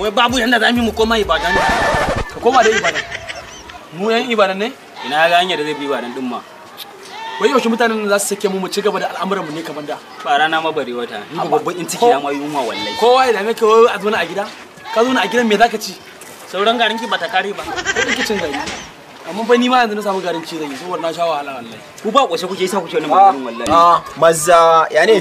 wai babu yanda za mu koma ibadan ka koma da ibadan mu yan ibadan ne ina ga hanyar da zai bi ibadan din ma wai yaushe mutanen za su sake mu mu ci gaba da al'amuran mu ne kamar da ba rana ma bari wata ni babban in ciki na ma yunwa wallahi kowa ya dame ka wai a zo a gida ka zo a gidan me zaka ci sauran garin ki bata kare ba kai kike cin gari amma fa ni ma yanzu na samu garin ci zai saboda na sha wahala wallahi ku ba kwashe kuke yasa kuke wannan ah, maganin wallahi a ah, mazza ya ne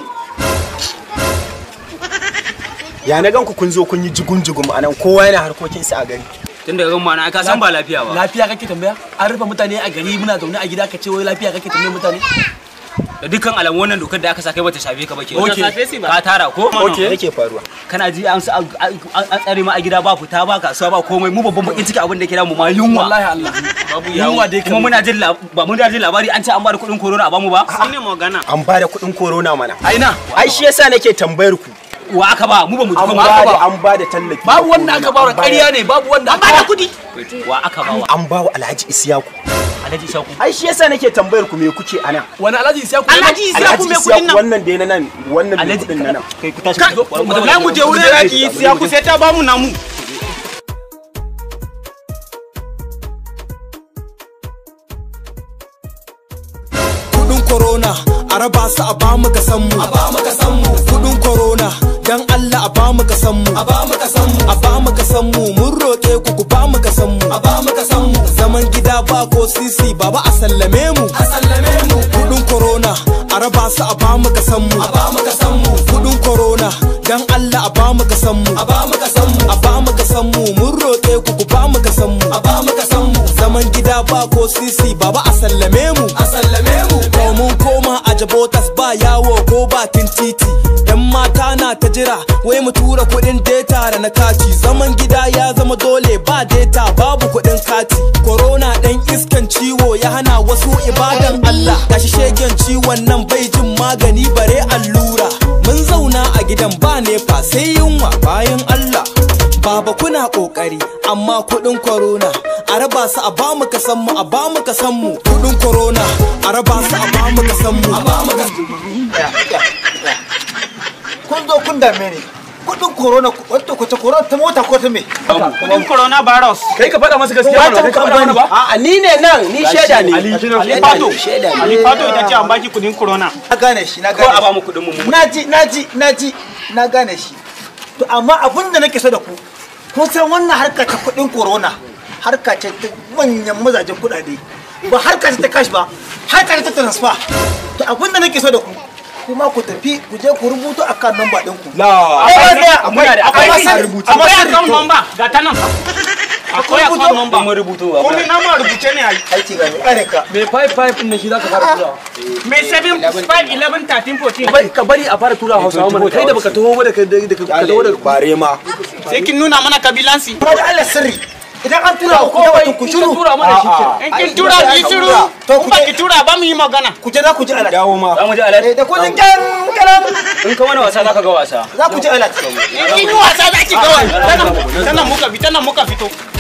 ya na ganku kun zo kun yi jigun jigum anan kowa yana harkokinsa a gari tun daga gan mana ka san ba lafiya ba lafiya kake tambaya an rufe mutane a gari muna zaune a gida ka ce wai lafiya kake tambaya mutane da dukkan alamu wannan dokar da aka sa kai bata shafe ka ba ke ka tara ko okay yake faruwa kana ji an su an tsare ma a gida ba fita ba kasuwa ba komai mu babban bakin ciki abin da kira mu ma yunwa wallahi Allah babu yunwa dai kuma muna jin ba mun jin labari an ce an ba da kudin corona a bamu ba shine magana an ba da kudin corona mana aina ai shi yasa nake tambayar ku wa aka ba mu ba mu an ba an ba da tallafi babu wanda aka ba wa ƙarya ne babu wanda aka ba da kudi wa aka ba wa an ba wa Alhaji Isiyaku Alhaji isyaku ai shi yasa nake tambayar ku me kuke anan wani Alhaji Isiyaku Alhaji Isiyaku me kudin nan wannan da nan wannan da kudin nan kai ku tashi ku zo mu je wurin Alhaji isyaku sai ta ba mu namu corona a raba su a bamu ka san mu kudin corona dan Allah a mu kasan mu a mu kasan mu a mu kasan mu mun roƙe ku ku mu kasan mu a mu kasan mu zaman gida ba ko sisi baba a sallame mu a sallame mu kudin corona a raba su a mu kasan mu a mu kasan mu kudin corona dan Allah a mu kasan mu a mu kasan mu a mu kasan mu mun roƙe ku ku mu kasan mu a mu kasan mu zaman gida ba ko sisi baba a sallame mu a sallame mu ko mun koma a jabotas ba yawo ko ba tin ta jira wai mu tura kuɗin data da na kati zaman gida ya zama dole ba data babu kuɗin kati corona ɗan iskan ciwo ya hana wasu ibadan Allah gashi shegen ciwon nan bai jin magani bare allura mun zauna a gidan ba nefa sai yunwa bayan Allah Baba kuna kokari amma kudin corona a raba su a bamu san mu a bamu san mu kudin corona a raba su a bamu san mu a bamu san mu zo kun dame ne kudin corona wato kwace corona ta mota ko ta me kudin corona virus kai ka faɗa masa gaskiya ba ka faɗa ba a ni ne nan ni sheda ne ali fato ali fato ita ce an baki kudin corona na gane shi na gane ko a ba mu kudin mu naji naji naji na gane shi to amma abin da nake so da ku kun san wannan harka ta kudin corona harka ce ta manyan mazajen kudade ba harka ce ta cash ba harka ce ta transfer to abin da nake so da ku kuma ku tafi ku je ku rubuto akan namba ɗin ku. Akwai Akwai akwai akwai Akwai namba ga ta nan. Akwai akwai namba. Kuma ba. Kuma rubuce ne Aiki ga ka. fara tura. Me 7 5 11 13 14. Ka bari a fara tura Hausawa mana kai da baka taho ba da ka taho da bare ma. Sai kin nuna mana kabilansi. Kuma da Allah sirri. idan an tura ku da wato ku shiru tura mana shi in kin tura ki shiru to ku ba ki tura ba mu yi magana ku je za ku ji alat dawo ma za mu ji alat eh, da kullun kan karam in ka wani wasa zaka ga wasa za ku ji alat in yi wasa za ki ga wasa nan muka fito nan muka fito